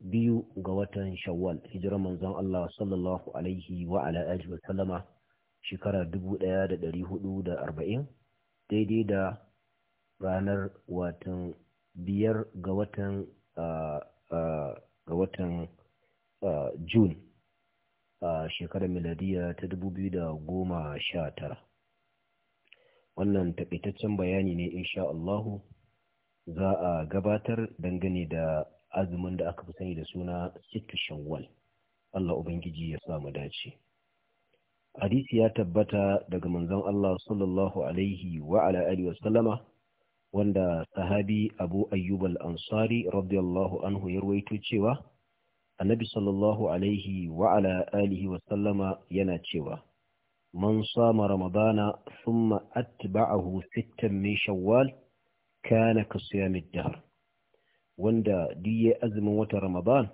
biyu ga watan shawwal hijirar manzon Allah sallallahu alaihi wa ala alihi wa sallama shekara 1440 daidai da ranar watan biyar ga watan ga watan June shekarar miladiya ta 2019 wannan taƙaitaccen bayani ne insha Allahu za a gabatar dangane da azumin da aka fi sani da suna sittu shawwal Allah ubangiji ya sa mu dace hadisi ya tabbata daga manzon Allah sallallahu alaihi wa ala alihi wa sallama wanda sahabi Abu Ayyub al-Ansari radiyallahu anhu ya cewa Annabi sallallahu alaihi wa ala alihi wa sallama yana cewa man sama ramadana summa atba'ahu sittan min shawwal kana ka siyamid dahr wanda duk ya azumin wata ramadan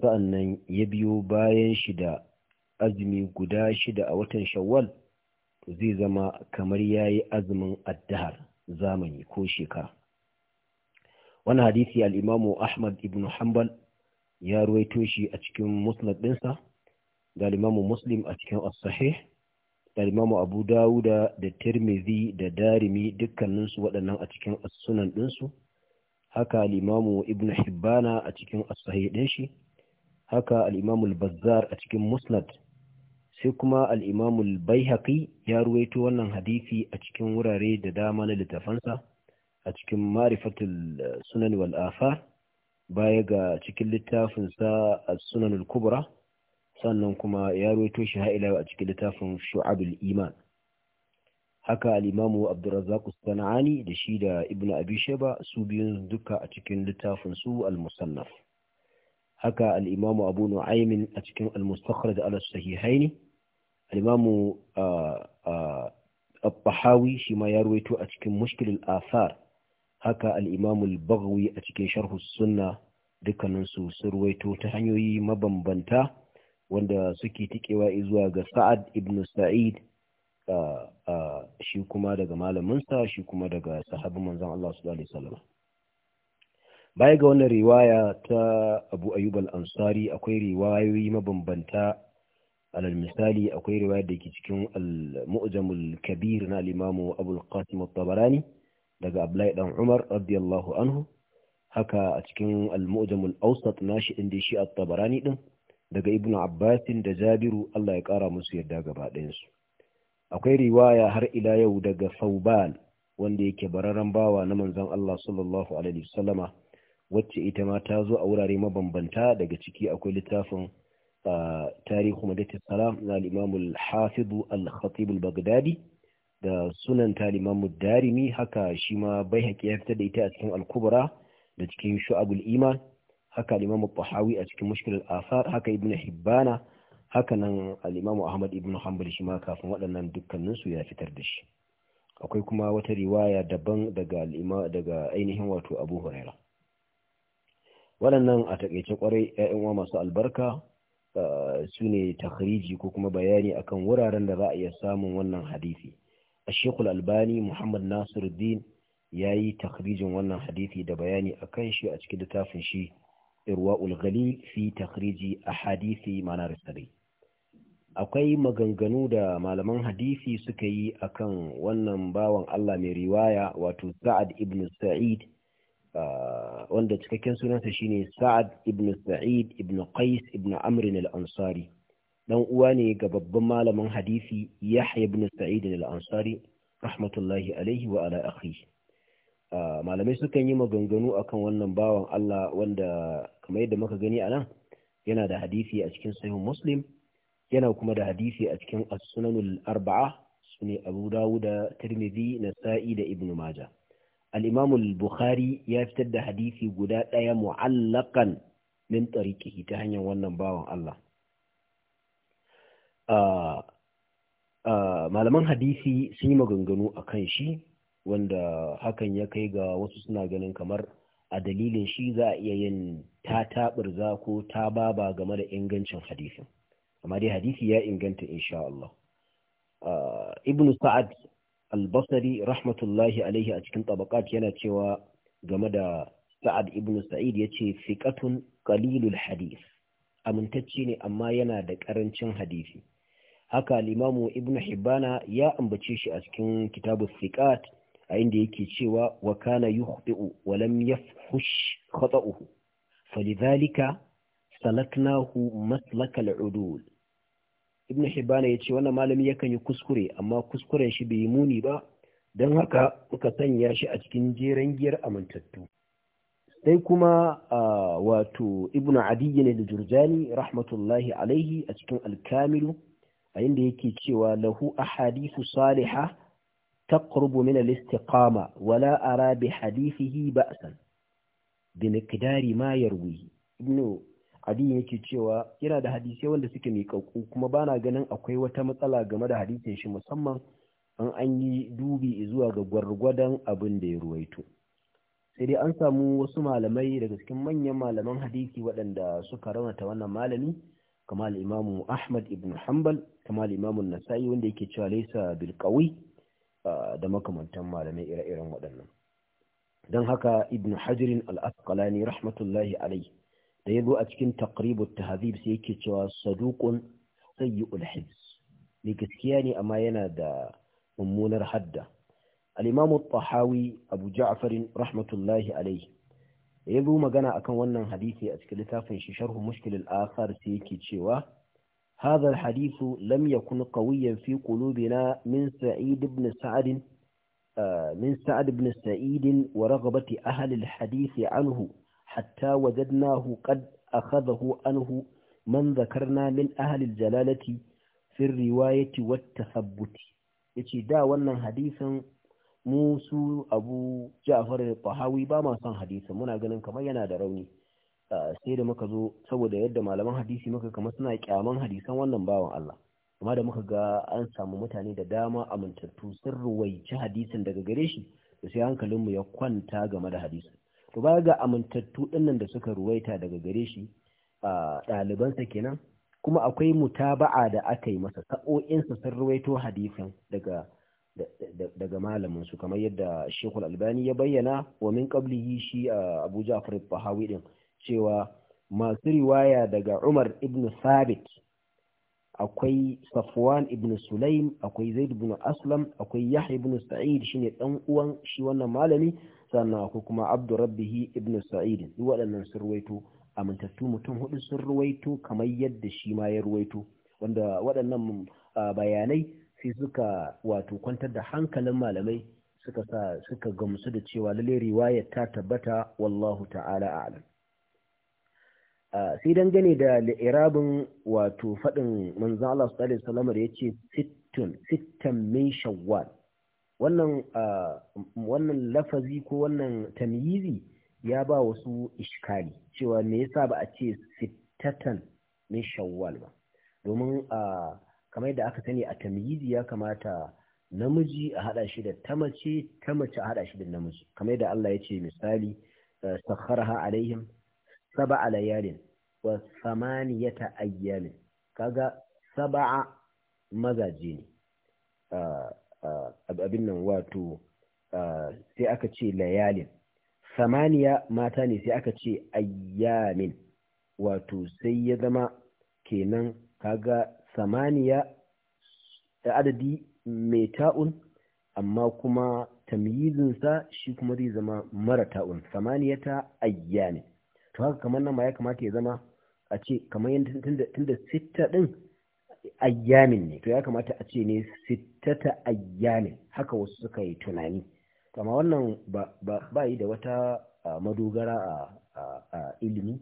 sa'annan ya biyo bayan shi da azumi guda shida a watan shawwal zai zama kamar ya yi azumin addahar zamani ko shekara wani hadisi al'imamu ahmad ibn hanbal ya ruwaito shi a cikin musnad ɗinsa da limamu muslim a cikin as-sahih da limamu abu dawuda da tirmidhi da darimi dukkaninsu waɗannan a cikin as ɗinsu haka al'imamu ibnu ibn hibbana a cikin as ɗin shi haka al'imamu al-bazzar a cikin musnad sai kuma al'imamu imamu al ya ruwaito wannan hadisi a cikin wurare da dama na littafansa a cikin marifatul sunan wal'afa afar baya ga cikin littafin sa sunan kubra sannan kuma ya ruwaito shi ha'ila a cikin littafin shu'abul iman haka alimamu abdurrazzaq sana'ani da shi da ibnu abi sheba su biyun duka a cikin littafin su al-musannaf haka al'imamu abu nu'aym a cikin al-mustakhraj ala sahihain al'imamu al-bahawi shi ma ya ruwaito a cikin mushkil al-athar haka al'imamu al-baghawi a cikin sharh as-sunna dukkanin su sun ruwaito ta hanyoyi mabambanta wanda suke tikewa zuwa ga sa'ad ibnu sa'id shi kuma daga malaminsa shi kuma daga sahabin manzon Allah sallallahu alaihi wasallam baya ga wannan riwaya ta Abu Ayyub ansari akwai riwayoyi mabambanta alal misali akwai riwaya da ke cikin al Kabir na al-Imam Abu al-Qasim tabarani daga Abdullahi Umar radiyallahu anhu haka a cikin al-Mu'jamul Awsat nashi inda shi at-Tabarani ɗin, daga Ibn Abbasin da Jabiru Allah ya ƙara musu yadda gaba ɗayansu akwai riwaya har ila yau daga sauban wanda yake bararren bawa na manzon Allah sallallahu alaihi wasallama wacce ita ma ta zo a wurare mabambanta daga ciki akwai littafin tarihu madatis salam na al-imam al-hafiz al-khatib al da sunan ta darimi haka shi ma bai haƙi ya da ita a cikin al-kubra da cikin shu'abul iman haka al-imam a cikin mushkil Asar, haka ibn hibbana hakanan al'imamu ahmad ibn hanbal shi ma kafin waɗannan dukkaninsu ya fitar da shi akwai kuma wata riwaya daban daga daga ainihin wato abu huraira waɗannan a takaice kwarai ‘ya'yan masu albarka su ne takhriji ko kuma bayani akan wuraren da za a iya samun wannan hadisi a albani muhammad nasiruddin ya yi takhrijin wannan hadisi da bayani akan shi a cikin littafin shi irwa ulgali fi takhriji a hadisi manar sarai akwai maganganu da malaman hadisi suka yi akan wannan bawan Allah mai riwaya wato Sa'ad ibn Sa'id ah, wanda cikakken sunansa shine Sa'ad ibn Sa'id ibn Qais ibn Amr al-Ansari dan uwa ne ga babban malamin hadisi Yahya ibn Sa'id al-Ansari rahmatullahi alaihi wa ala akhihi ah, malamai sukan yi maganganu akan wannan bawan Allah wanda kamar yadda muka gani anan yana da hadisi a cikin sahih Muslim yana kuma da hadisi a cikin as-sunanul arba'a sune Abu Dawud da Tirmidhi Nasa'i da Ibn Majah al-Imam al-Bukhari ya fitar da hadisi guda daya mu'allaqan min tariqihi ta hanyar wannan bawan Allah ah, ah, malaman hadisi sun yi maganganu akan shi wanda hakan ya kai ga wasu suna ganin kamar a dalilin shi za a iya yin ta taɓurza ko ta baba game da ingancin hadisin amma dai hadisi ya inganta insha Allah ah, ibnu sa'ad al-basri rahmatullahi alaihi a cikin tabaqat yana cewa game da sa'ad ibnu sa'id yace fiqatun qalilul hadis amintacce ne amma yana da karancin hadisi haka limamu ibnu hibbana ya ambace shi a cikin kitabu fiqat a inda yake cewa wa kana yukhti'u wa lam yafhush khata'uhu falidhalika salaknahu maslakal udul ibn hibana ya ce wannan malami yakan yi kuskure amma kuskuren shi bai yi muni ba don haka muka sanya shi a cikin jeren giyar amintattu sai kuma wato ibn adiyya ne da jurjani rahmatullahi alaihi a cikin alkamilu a inda yake cewa lahu ahadithu saliha taqrubu min al-istiqama wala ara bi hadithihi ba'san bi miqdari ma yarwi ibn addini yake cewa yana da hadisai wanda suke miƙaƙƙu kuma bana ganin akwai wata matsala game da hadisin shi musamman an an yi dubi zuwa ga gwargwadon abin da ya ruwaito. Sai dai an samu wasu malamai daga cikin manyan malaman hadisi waɗanda suka raunata wannan malami kamar imamu Ahmad ibn Hanbal kamar imamu Nasa'i wanda yake cewa laisa bil da makamantan malamai ire-iren waɗannan. Don haka Ibn Hajirin al-Asqalani rahmatullahi alaihi da ya zo a cikin taqribut tahzib sai yake cewa saduqun sayyi'ul hibs ne gaskiya ne amma yana da mummunar hadda al-imam at-tahawi abu ja'far rahmatullahi alayhi ya zo magana akan wannan hadisi a cikin littafin shi sharhu mushkil al-akhar sai yake cewa هذا الحديث lam yakun قويا fi قلوبنا min sa'id بن سعد من سعد بن سعيد ورغبة أهل الحديث عنه hatta wajadnahu qad akhadahu anhu man zakarna min ahli jalalati fi watta wat yace da wannan hadisin musu su Abu Ja'far al ba ma son hadisin muna ganin kamar yana da rauni sai da muka zo saboda yadda malaman hadisi muka kama suna kyaman hadisan wannan bawan Allah amma da muka ga an samu mutane da dama amintattu sun ruwaici hadisin daga gare shi da sai hankalinmu ya kwanta game da hadisin to baya ga amintattu dinnan da suka ruwaita daga gare shi a ɗalibansa kenan kuma akwai mutaba'a da aka yi masa sa'o'insa sun ruwaito hadisin daga daga malamin su kamar yadda Sheikhul Albani ya bayyana wa min qablihi shi Abu Ja'far al-Bahawi din cewa masu riwaya daga Umar ibn Sabit akwai Safwan ibn Sulaim akwai Zaid ibn Aslam akwai Yahya ibn Sa'id shine dan uwan shi wannan malami sannan ko kuma abdurrabbihi ibn sa'id duk waɗannan sun ruwaito amintattu mutum hudu sun ruwaito kamar yadda shi ma ya ruwaito wanda waɗannan bayanai sai suka wato kwantar da hankalin malamai suka sa suka gamsu da cewa lalle riwayar ta tabbata wallahu ta'ala a'lam sai dangane da irabin wato faɗin manzo Allah sallallahu alaihi wasallam da yace sittun sittan min shawwal wannan wannan lafazi ko wannan tamyizi ya ba wasu ishkali cewa me yasa ba a ce sittatan min shawwal ba domin kamar da aka sani a tamyizi ya kamata namiji a hada shi da ta mace ta mace a hada shi da namiji kamar da Allah ya ce misali sakharaha alaihim sab'a layalin wa samaniyata ayyamin kaga sab'a mazaje ne abin nan wato sai aka ce layalin samaniya mata ne sai aka ce ayyamin wato sai ya zama kenan kaga samaniya da adadi mai ta'un amma kuma tamyizinsa shi kuma zai zama mara ta'un samaniya ta ayyamin to haka kamar nan ma ya kamata ya zama a ce kamar yadda tunda sitta din ayyamin ne to ya kamata a ce ne sittata ayyamin haka wasu suka yi tunani kama wannan ba yi da wata madogara a ilimi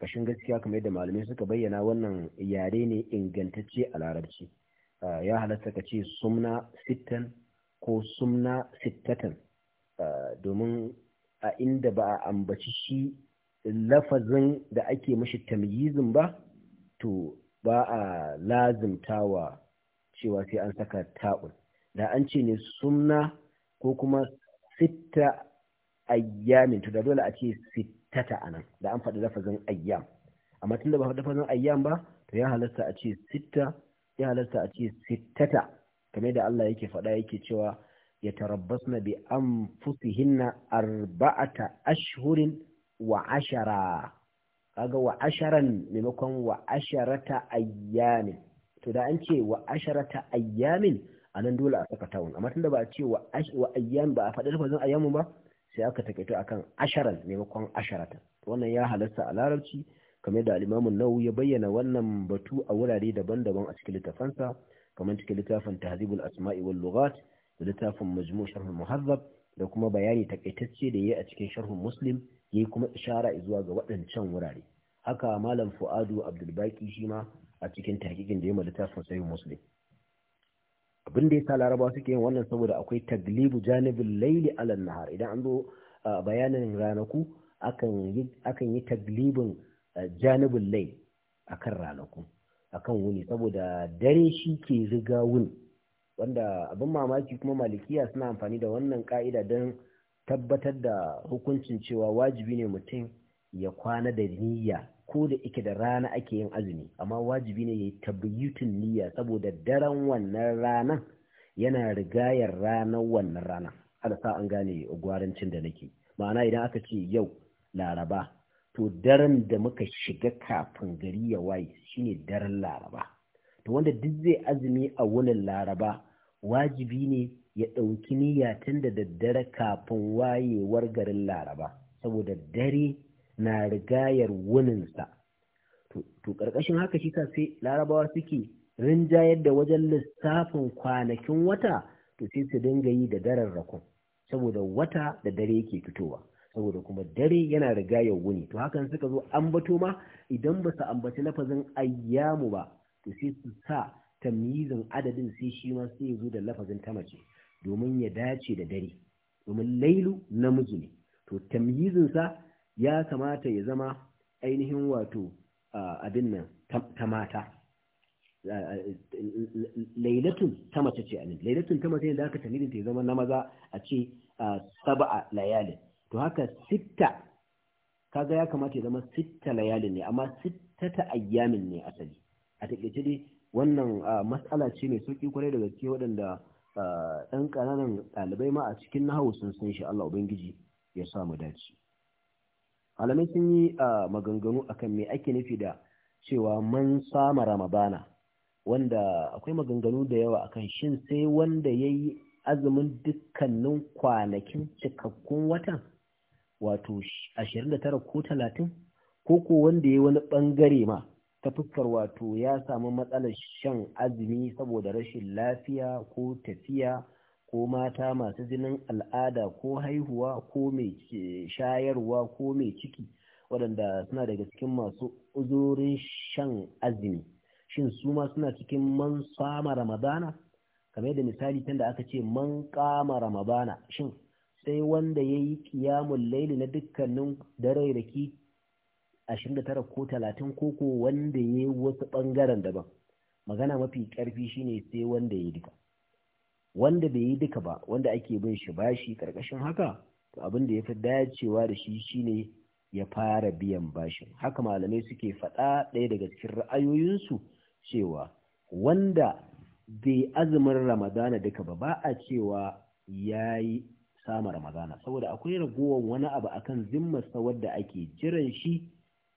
kashin gaskiya kamar yadda malamai suka bayyana wannan yare ne ingantacce a larabci ya halatta ka ce sumna sittan ko sumna sittatan domin a inda ba a ambaci shi lafazin da ake mashi tamyizin ba to ba a lazimtawa cewa sai an saka ta'un da an ce ne sunna ko kuma sitta ayyamin to da dole a ce sittata anan da an faɗi lafazin ayyam amma tun da ba faɗi lafazin ayyam ba to ya halasta a ce sitta ya halasta a ce sittata kamar da Allah yake faɗa yake cewa ya tarabbasna bi anfusihinna arba'ata ashhurin wa ashara kaga wa asharan maimakon wa asharata ayyamin to da an ce wa asharata ayyamin a nan dole a saka tawun amma tunda ba a ce wa ayyam ba a faɗi lafazin ayyamin ba sai aka takaito akan asharan maimakon asharata wannan ya halarta a larabci kamar da alimamin nau ya bayyana wannan batu a wurare daban-daban a cikin littafansa kamar cikin littafin tahzibul asma'i wal lughat da littafin majmu' sharh muhazzab da kuma bayani takaitacce da yayi a cikin sharh muslim yi kuma ishara zuwa ga waɗancan wurare haka malam fu'adu abdulbaki shi ma a cikin tahkikin da ya mallaka sun sai muslim abin da yasa larabawa suke yin wannan saboda akwai taglibu janibul layli ala nahar idan an zo bayanin ranaku akan yi akan yi taglibin janibul layl akan ranaku akan wuni saboda dare shi ke riga wuni wanda abin mamaki kuma malikiya suna amfani da wannan ka'ida don tabbatar da hukuncin cewa wajibi ne mutum ya kwana da niyya ko da ike da rana ake yin azumi amma wajibi ne ya yi niyya saboda daren wannan ranan yana rigayar ranar wannan rana sa an gane gwarancin da nake ma'ana idan aka ce yau laraba to daren da muka shiga kafin gari ya waye shine daren laraba to wanda duk zai azumi a wunin laraba wajibi ne ya ɗauki niyya tun da daddare kafin wayewar garin laraba saboda dare na rigayar wuninsa to ƙarƙashin haka shi sai larabawa suke rinjayar da wajen lissafin kwanakin wata to sai su dinga yi da daren rakon saboda wata da dare yake fitowa saboda kuma dare yana rigayar wuni to hakan suka zo ambato ma idan ba su ambaci lafazin ayyamu ba to sai su sa tamyizin adadin sai shi ma sai zo da lafazin ta mace domin ya dace da dare domin lailu namiji ne to tamyizinsa ya kamata ya zama ainihin wato abin nan ta mata lailatun ta mace ce anin lailatun ta mace ne da aka tamyizin ta ya zama na maza a ce saba'a layalin to haka sitta kaga ya kamata ya zama sitta layalin ne amma sitta ta ayyamin ne asali a taƙaice dai wannan mas'ala ce mai sauƙi kwarai da gaske waɗanda Eh, ɗan ƙananan ɗalibai ma a cikin nahawu sun san shi Allah Ubangiji ya sa mu dace. Malamai sun yi eh, maganganu akan me ake nufi da cewa man sama Ramadana wanda akwai maganganu da yawa akan shin sai wanda ya yi azumin dukkanin kwanakin cikakkun watan wato 29 ko 30 ko ko wanda ya yi wani ɓangare ma ta fuskar wato ya samu matsalar shan azumi saboda rashin lafiya ko tafiya ko mata masu jinin al'ada ko haihuwa ko mai shayarwa ko mai ciki waɗanda suna daga cikin masu uzurin shan azumi shin su ma suna cikin man sama ramadana kamar da misali tun da aka ce man kama ramadana shin sai wanda ya yi kiyamun laili na dukkanin dare da 29 ko 30 ko ko wanda ya yi wasu ɓangaren daban magana mafi ƙarfi shine sai wanda ya yi duka wanda bai yi duka ba wanda ake bin shi bashi ƙarƙashin haka to abin da ya fi dacewa da shi shine ya fara biyan bashin haka malamai suke faɗa ɗaya daga cikin ra'ayoyinsu cewa wanda bai azumin ramadana duka ba ba a cewa ya yi sama ramadana saboda akwai ragowar wani abu akan zimmarsa wadda ake jiran shi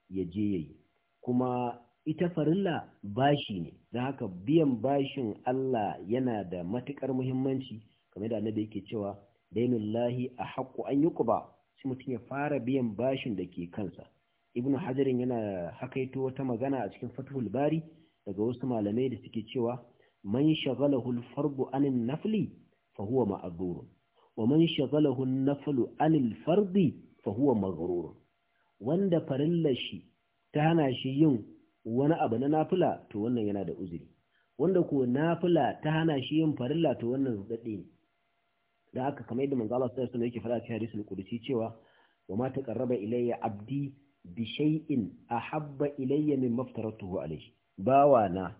ya je ya yi kuma ita farilla bashi ne don haka biyan bashin Allah yana da matukar muhimmanci kamar da annabi yake cewa lahi a haƙƙo an yi ba sai mutum ya fara biyan bashin da ke kansa ibnu hajarin yana hakaito wata magana a cikin fathul bari daga wasu malamai da suke cewa man shagalahu al-fardu anin nafli fa huwa ma'dhurun wa man shagalahu an-naflu anil fardi fa huwa maghrurun wanda farillar shi ta hana shi yin wani abu na nafila to wannan yana da uzuri wanda ko nafila ta hana shi yin farilla to wannan rudadde ne da aka kamar yadda manzo Allah sallallahu alaihi wasallam yake faɗa cikin hadisul qudsi cewa wa ma taqarraba ilayya abdi bi shay'in ahabba ilayya min maftaratuhu alayhi na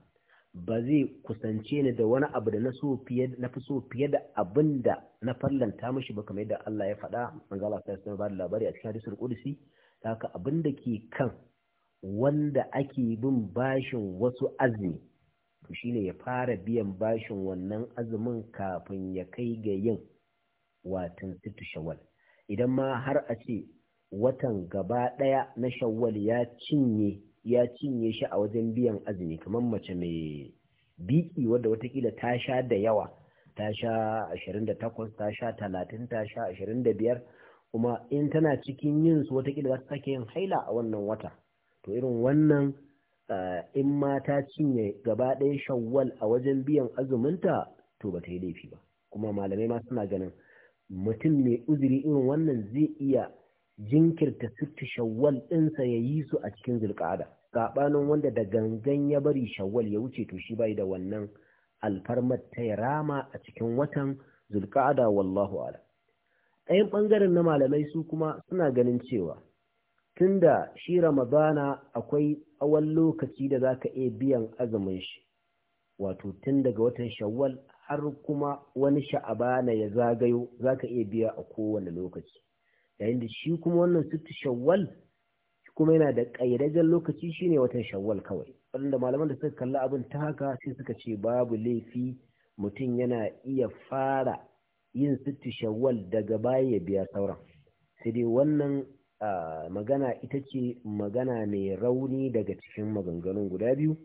ba zai kusance ni da wani abu da na so fiye na fi so fiye da abinda na fallanta mishi ba kamar yadda Allah ya faɗa manzo Allah sallallahu alaihi wasallam ba da labari a cikin hadisul qudsi haka abin da ke kan wanda ake bin bashin wasu azumi to shine ya fara biyan bashin wannan azumin kafin ya kai ga yin watan situ shawal idan ma har a ce watan gaba ɗaya na shawal ya cinye ya cinye shi a wajen biyan azumi kamar mace mai biki wadda watakila ta sha da yawa ta sha 28 ta sha 30 ta sha 25 kuma in tana cikin yin su wata za ta sake yin haila a wannan wata to irin wannan eh, in mata cinye gaba ɗaya shawwal a wajen biyan azuminta to ba ta yi laifi ba kuma malamai ma suna ganin mutum mai uzuri irin wannan zai iya jinkirta sitti shawwal ɗinsa ya yi su a cikin zulƙada saɓanin wanda da gangan ya bari shawwal ya wuce to shi bai da wannan alfarmar ta rama a cikin watan zulƙada wallahu ala ɗayan ɓangaren na malamai su kuma suna ganin cewa tun da shi ramadana akwai tsawon lokaci da za ka iya biyan azumin shi wato tun daga watan shawwal har kuma wani sha'abana ya zagayo za ka iya biya a kowane lokaci yayin da shi kuma wannan sittu shawwal kuma yana da ƙayyadajen lokaci shi ne watan shawwal kawai wadanda malaman da suka kalli abin ta haka sai suka ce babu laifi mutum yana iya fara yin sittu shawwal daga baya ya biya sauran sai dai wannan magana ita ce magana mai rauni daga cikin maganganun guda biyu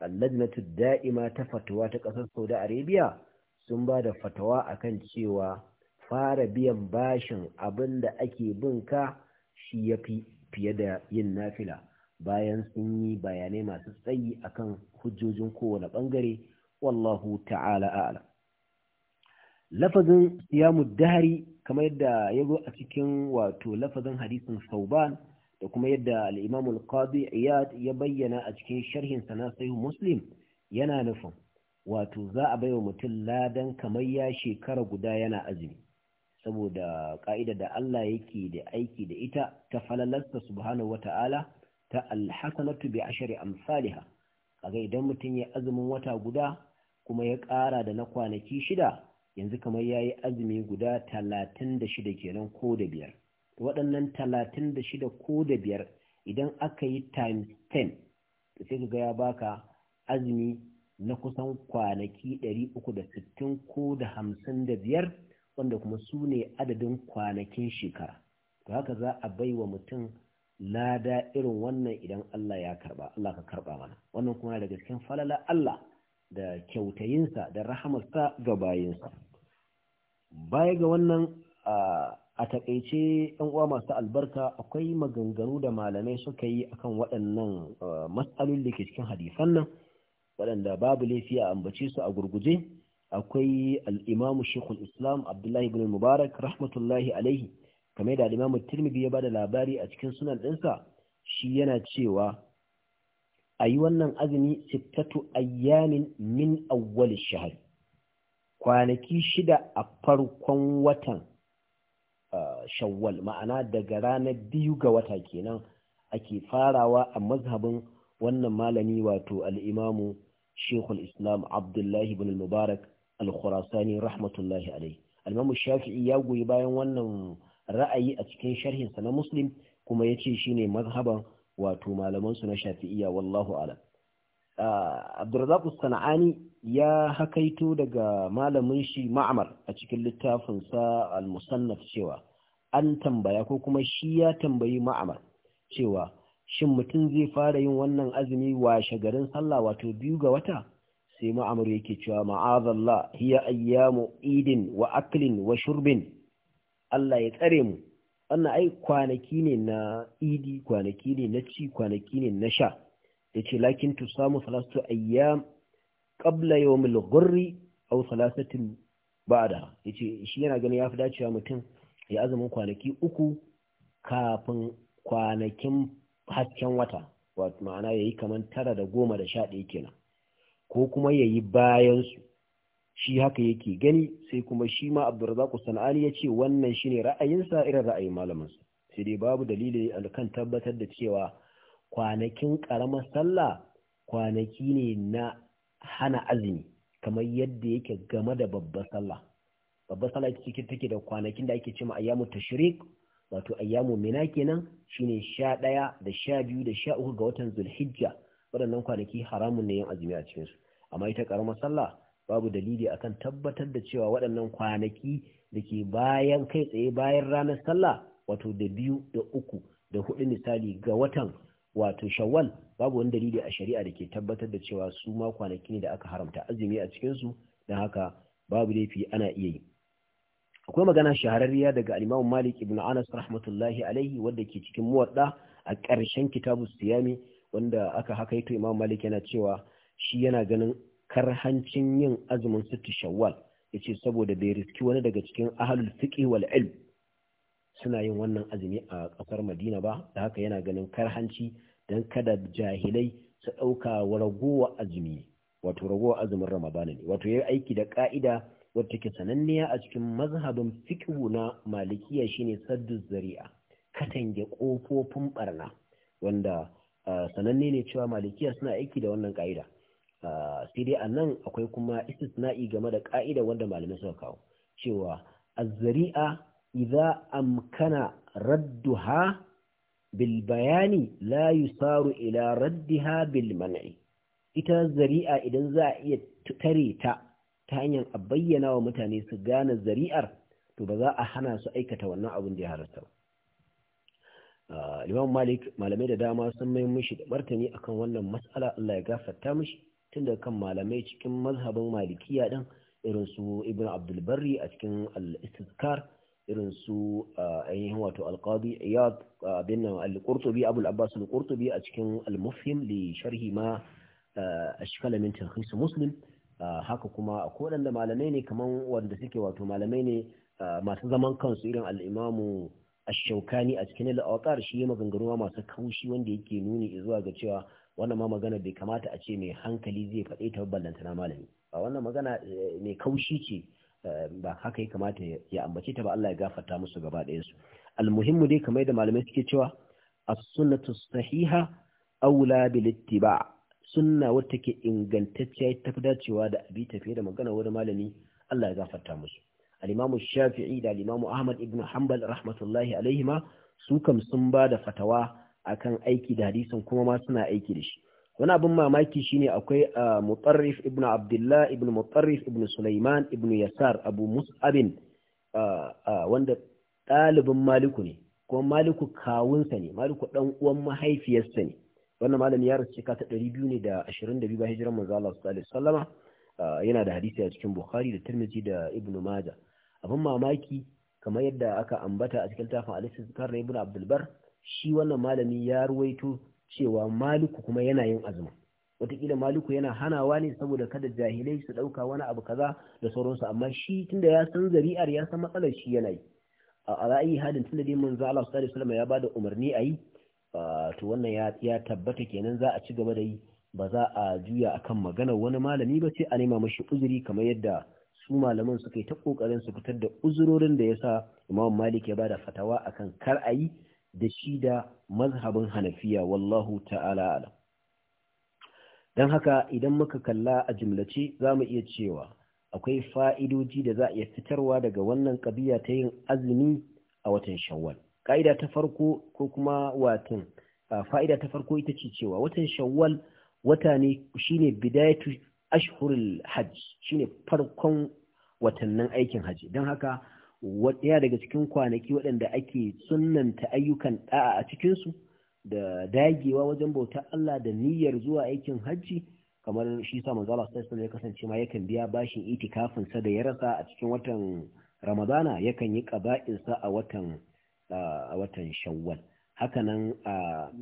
allajnatu da'ima ta fatawa ta ƙasar saudi arabia sun ba da fatawa akan cewa fara biyan bashin abin da ake bin ka shi ya fi fiye da yin nafila bayan sun yi bayanai masu tsayi akan hujjojin kowane bangare. wallahu ta'ala a'lam lafazin siyamu dahari kamar yadda ya zo a cikin wato lafazin hadisin sauban da kuma yadda al al-qadi iyad ya bayyana a cikin sharhin sa na muslim yana nufin wato za a baiwa mutum ladan kamar ya shekara guda yana azumi saboda ka'ida da Allah yake da aiki da ita ta falalasta subhanahu wata'ala ta alhasanatu bi ashari amsalha kaga idan mutum ya azumin wata guda kuma ya ƙara da na kwanaki shida yanzu kamar ya yi azumi guda talatin da shida kenan ko da biyar waɗannan talatin da shida ko da biyar idan aka yi times ten da sai ga ya baka azumi na kusan kwanaki ɗari uku da sittin ko da hamsin da biyar wanda kuma su ne adadin kwanakin shekara to haka za a bai wa mutum lada irin wannan idan Allah ya karba Allah ka karba mana wannan kuma daga cikin falala Allah da kyautayinsa da rahamarsa ga bayinsa baya ga wannan a takaice yan uwa masu albarka akwai maganganu da malamai suka yi akan waɗannan matsalolin da ke cikin hadisan nan waɗanda babu laifi a ambace su a gurguje akwai al'imamu shekul islam abdullahi ibn mubarak rahmatullahi alaihi kamar da al'imamu tirmidhi ya bada labari a cikin sunan ɗinsa shi yana cewa a yi wannan azumi sittatu ayyamin min awwal shahri kwanaki shida a farkon watan ah, shawwal ma'ana daga ranar biyu ga wata kenan ake farawa a mazhabin wannan malami wato al'imamu shekul islam abdullahi bin mubarak al-khurasani rahmatullahi alai al'imamu shafi'i ya goyi bayan wannan ra'ayi a cikin sharhinsa na muslim kuma ya ce shine mazhaban wato malamansu na shafi'iya wallahu alam ah, abdurrazak sana'ani ya hakaito daga malamin shi ma'amar a cikin littafinsa al-musannaf cewa an tambaya ko kuma shi ya tambayi ma'amar cewa shin mutum zai fara yin wannan azumi wa shagarin sallah wato biyu ga wata sai ma'amar yake cewa ma'azallah hiya ayyamu idin wa aklin wa shurbin Allah ya tsare mu wannan ai kwanaki ne na idi kwanaki ne na ci kwanaki ne na sha yace lakin tusamu salatu ayyam qabla yawmil ghurri aw thalathatin ba'da yace shi yana ganin yafi dacewa mutum ya azumin kwanaki uku kafin kwanakin hasken wata wato ma'ana yayi kaman tara da goma da sha ɗaya kenan ko kuma yayi bayan su shi haka yake gani sai kuma shi ma sanali ya ce wannan shine ra'ayinsa irin ra'ayin su sai dai babu dalili kan tabbatar da cewa kwanakin ƙaramar sallah kwanaki ne na hana azumi kamar yadda yake game da babbar sallah babbar sallah ita cikin take da kwanakin da ake cewa ayyamu tashrik wato ayyamu mina kenan shine sha da sha biyu da sha uku ga watan zulhijja waɗannan kwanaki haramun ne yin azumi a cikin su amma ita karamar sallah babu dalili akan tabbatar da cewa waɗannan kwanaki da ke bayan kai tsaye bayan ranar sallah wato da biyu da uku da hudu misali ga watan wato shawwal babu wani dalili a shari'a da ke tabbatar da cewa su ma kwanaki ne da aka haramta azumi a cikinsu don haka babu laifi ana iya yi akwai magana shahararriya daga al Malik ibn Anas rahmatullahi alaihi wanda ke cikin muwadda a ƙarshen kitabu siyami wanda aka hakaito Imam Malik yana cewa shi yana ganin karhancin yin azumin sittu shawwal yace saboda bai riski wani daga cikin ahlul fiqh wal ilm suna yin wannan azumi a ƙasar Madina ba da haka yana ganin karhanci don kada jahilai su ɗauka wa ragowa azumi wato ragowa azumin ramadana ne wato yayi aiki da ka'ida wato take sananniya a cikin mazhabin fiqhu na malikiya shine saddu zari'a katange kofofin barna wanda sananne ne cewa malikiya suna aiki da wannan ka'ida sai dai nan akwai kuma istisna'i game da ka'ida wanda malamai suka kawo cewa az-zari'a idza amkana radduha bil bayani la yusaru ila raddiha bil man'i ita zari'a idan za a iya tare ta ta hanyar a bayyana wa mutane su gane zari'ar to ba za a hana su aikata wannan abin da ya harasta ba ah, Imam Malik malamai da dama sun mai mishi da martani akan wannan mas'ala Allah ya gafarta mishi tunda kan malamai cikin mazhabin malikiya din irin su Ibn Abdul Barri a cikin al istiskar irin su ainihin wato alqadi iyad bin al-qurtubi abul abbas al-qurtubi a cikin al-mufhim li sharhi ma ashkala min tarhis muslim haka kuma akwai wadanda malamai ne kaman wanda suke wato malamai ne masu zaman kansu irin al'imamu ashaukani ash a cikin al-awqar shi maganganuwa masu kaushi wanda yake nuni zuwa ga cewa wannan ma magana bai kamata a ce mai hankali zai faɗe ta ballantana malami ba wannan magana eh, mai kaushi ce Eh, ba haka ya kamata ya ambace ta ba Allah ya gafarta musu gaba ɗayan su almuhimmu dai kamar da malamai suke cewa as-sunnatu sahiha aula bil ittiba sunna wata ke ingantacciya ta fi dacewa da abi tafiye da magana wani malami Allah ya gafarta musu al-imamu shafi'i da al-imamu ahmad ibn hanbal rahmatullahi alaihima su kam sun ba da fatawa akan aiki da hadisin kuma ma suna aiki da shi wani abin mamaki shine akwai mutarrif ibn abdullah ibn mutarrif ibn sulaiman ibn yasar abu mus'abin wanda ɗalibin maliku ne kuma maliku kawunsa ne maliku ɗan uwan mahaifiyarsa ne wannan malami ya rasu shekara ta ɗari biyu ne da ashirin da biyu ba manzo Allah sallallahu alaihi wasallam yana da hadisi a cikin Bukhari da Tirmidhi da Ibn Majah abin mamaki kamar yadda aka ambata a cikin tafin Al-Istizkar Ibn Abdul Bar shi wannan malami ya ruwaito cewa maliku kuma yana yin azumin wataƙila maliku yana hanawa ne saboda kada jahilai su ɗauka wani abu kaza da sauransu amma shi tunda ya san zari'ar ya san matsalar shi yana yi a ra'ayi hadin tunda dai manzo Allah sallallahu alaihi wasallam ya bada umarni a yi to wannan ya ya tabbata kenan za a ci gaba da yi ba za a juya akan magana wani malami ba sai a nema mashi uzuri kamar yadda su malaman suka yi ta kokarin su fitar da uzurorin da yasa Imam Malik ya bada fatawa akan kar a yi da shi da mazhabin hanafiya wallahu ta'ala alam don haka idan muka kalla a jimlace za mu iya cewa akwai fa'idoji da za a iya fitarwa daga wannan ƙabiya ta yin azumi a watan shawwal ƙa'ida ta farko ko kuma watan fa'ida ta farko ita ce cewa watan shawwal wata ne shi shine bidayatu ashhurul shi shine farkon watannin aikin hajji don haka ɗaya daga cikin kwanaki waɗanda ake sunanta ayyukan ɗa'a a cikinsu da dagewa wajen bautar Allah da niyyar zuwa aikin hajji kamar shi sa manzo Allah sallallahu ya kasance ma yakan biya bashin itikafin sa da ya rasa a cikin watan Ramadana yakan yi qaba'in sa a watan a watan Shawwal hakanan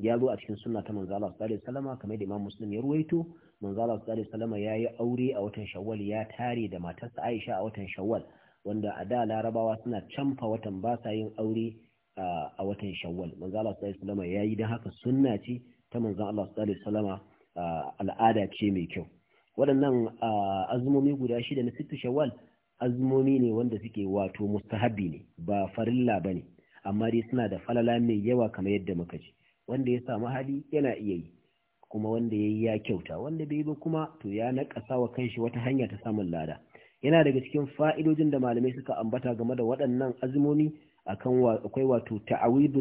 ya zo a cikin sunna ta manzo Allah sallallahu alaihi wasallam kamar da Imam Muslim ya ruwaito manzo Allah sallallahu alaihi wasallam yayi aure a watan Shawwal ya tare da matarsa Aisha a watan Shawwal wanda a da larabawa suna canfa watan ba sa yin aure a watan shawwal manzo Allah sallallahu alaihi wasallam yayi dan haka sunna ce ta manzo Allah sallallahu alaihi wasallam al'ada ce mai kyau waɗannan azumomi guda shida na sittu shawwal azumomi ne wanda suke wato mustahabi ne ba farilla bane amma dai suna da falala mai yawa kamar yadda muka ji wanda ya samu hali yana iya yi kuma wanda ya yi ya kyauta wanda bai ba kuma to ya naƙasa wa kanshi wata hanya ta samun lada yana daga cikin fa'idojin da malamai suka ambata game da waɗannan azumomi akan akwai wato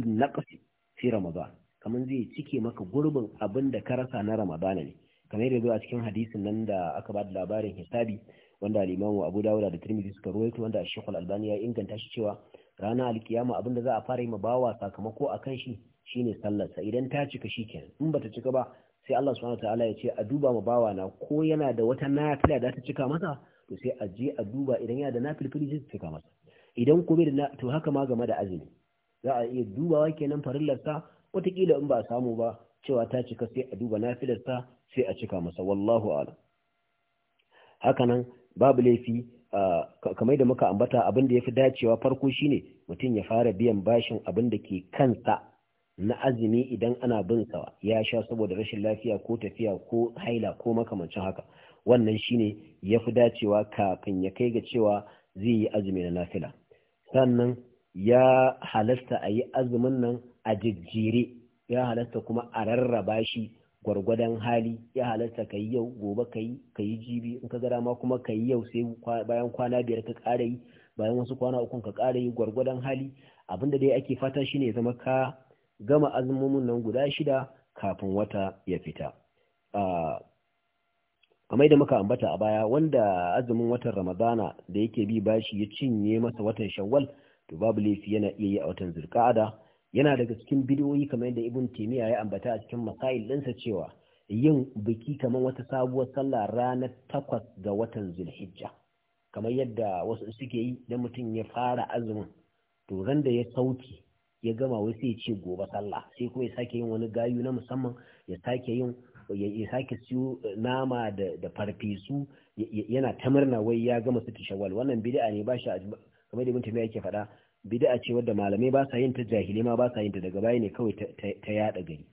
na ƙasi fi ramadan kamar zai cike maka gurbin abin da ka rasa na ramadana ne kamar yadda a cikin hadisin nan da aka ba da labarin hisabi wanda al Abu dawuda da Tirmidhi suka ruwaito wanda Sheikh Al-Albani ya inganta shi cewa ranar alkiyama abin da za a fara yi ma bawa sakamako a kan shi shine sallar sa idan ta cika shi kenan, in bata cika ba sai Allah subhanahu ta'ala ya ce a duba ma bawa na ko yana da wata nafila da ta cika masa to sai a je a duba idan yana da nafilfili zai cika masa idan kuma da to haka ma game da azumi za a iya dubawa kenan farillarsa wataƙila in ba a samu ba cewa ta cika sai a duba nafilarsa sai a cika masa wallahu alam hakanan babu laifi kamar da muka ambata abin da ya fi dacewa farko shine mutum ya fara biyan bashin abin da ke kansa na azumi idan ana bin sa ya sha saboda rashin lafiya ko tafiya ko haila ko makamancin haka wannan shine ya fi dacewa kafin ya kai ga cewa zai yi azumi na nafila sannan ya halasta a yi azumin nan a jijjire, ya halasta kuma a rarraba shi gwargwadon hali ya halasta ka yi yau gobe ka yi ka yi jibi in ka gara ma kuma ka yi yau sai bayan kwana biyar ka ƙara yi bayan wasu kwana ukun ka ƙara yi gwargwadon hali Abin da dai ake fata shi shine zama ka gama azumin nan guda shida kafin wata ya fita ah, kamar da muka ambata a baya wanda azumin watan ramadana da yake bi bashi ya cinye masa watan shawwal to babu laifi yana iya yi a watan zulqa'ada yana daga cikin bidiyoyi kamar yadda ibn timiya ya ambata a cikin masail sa cewa yin biki kamar wata sabuwar sallah ranar takwas ga watan zulhijja kamar yadda wasu suke yi da mutum ya fara azumin to ran da ya sauki ya gama wai sai ya ce gobe sallah sai kuma ya sake yin wani gayu na musamman ya sake yin ya sake siyo eh, nama da farfesu yana ta murna wai ya gama su shawwal wannan bid'a ne ba shi kamar da mutum yake faɗa bid'a ce wadda malamai ba sa yin ta jahilai ma ba sa yin ta daga baya ne kawai ta yada gari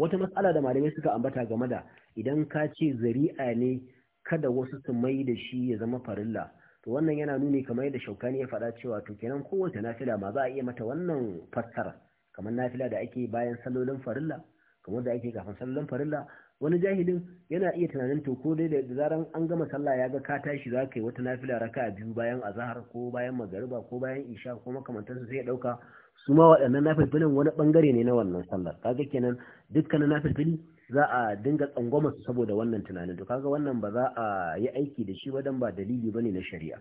wata matsala da malamai suka ambata game da idan ka ce zari'a ne kada wasu su mai da shi ya zama farilla to wannan yana nuni kamar yadda shaukani ya faɗa cewa to kenan kowace nafila ma za a iya mata wannan fassara kamar nafila da ake bayan salolin farilla kamar da ake kafin salolin farilla wani jahilin yana iya tunanin to ko dai da zaran an gama sallah ya ga ka tashi za ka yi wata nafila raka a biyu bayan azahar ko bayan magariba ko bayan isha ko makamantansu sai ya ɗauka su ma waɗannan nafilfilin wani ɓangare ne na wannan sallar kaga kenan dukkanin nafilfili za a dinga tsangwama su saboda wannan tunanin to kaga wannan ba za a yi aiki da shi wadan ba dalili bane na shari'a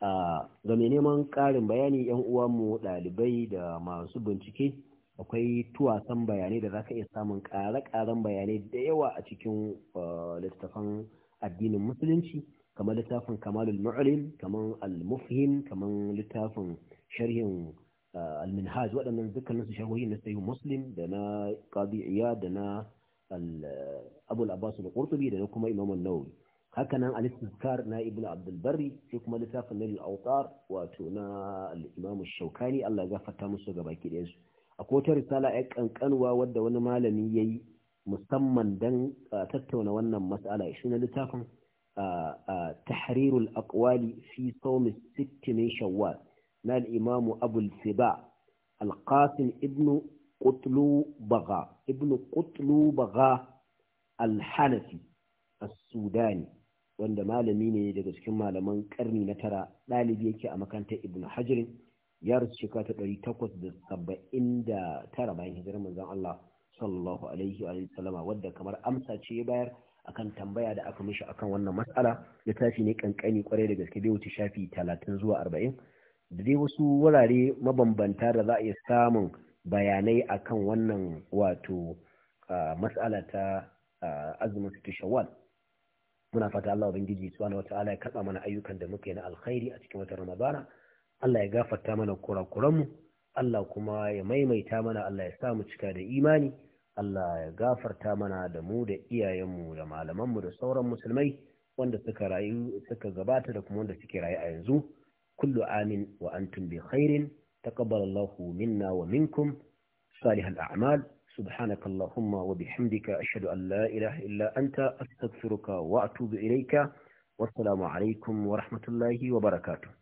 ah, ga mai neman ƙarin bayani yan uwa mu ɗalibai da masu bincike akwai tuwasan bayanai da za ka iya samun ƙare-ƙaren bayanai da yawa a cikin eh, littafan addinin musulunci kamar littafin kamalul mu'lim kamar al-mufhim kamar littafin sharhin eh, al-minhaj waɗannan dukkanin su sharhohin na sayyid muslim da na qadi iyad da na eh, abul abbas al-qurtubi da na kuma imam an-nawawi haka nan al-istizkar na ibnu abdul barri sai kuma littafin na al-awtar wato na al-imam ash-shawkani Allah ya gafarta musu gabaki ɗayan su akwai wata risala ya kankanwa wadda wani malami ya yi musamman don tattauna wannan matsala shi na littafin tahrirul aqwali fi sawmi sitti shawwal na al-imam abul siba al-qasim ibn qutlu baga ibn qutlu baga as-sudani wanda malami ne daga cikin malaman karni na tara ɗalibi yake a makarantar ibn hajrin ya rasu shekara ta ɗari takwas da saba'in da tara bayan hijirar manzon Allah sallallahu alaihi wa sallama wadda kamar amsa ce ya bayar akan tambaya da aka mishi akan wannan matsala ya tashi ne kankani kwarai da gaske bai wuce shafi talatin zuwa arba'in da dai wasu wurare mabambanta da za a iya samun bayanai akan wannan wato matsala ta azumin su shawwal muna fata Allah ubangiji subhanahu wataala ya katsa mana ayyukan da muka yi na alkhairi a cikin watan ramadana Allah ya gafarta mana kurakuranmu Allah kuma ya maimaita mana Allah ya sa mu cika da imani Allah ya gafarta mana da mu da iyayenmu da malamanmu da sauran musulmai wanda suka rayu suka gabata da kuma wanda suke rayu a yanzu kullu amin wa antum bi khairin taqabbalallahu minna wa minkum salihal a'mal سبحانك اللهم وبحمدك أشهد أن لا إله إلا أنت أستغفرك وأتوب إليك والسلام عليكم ورحمة الله وبركاته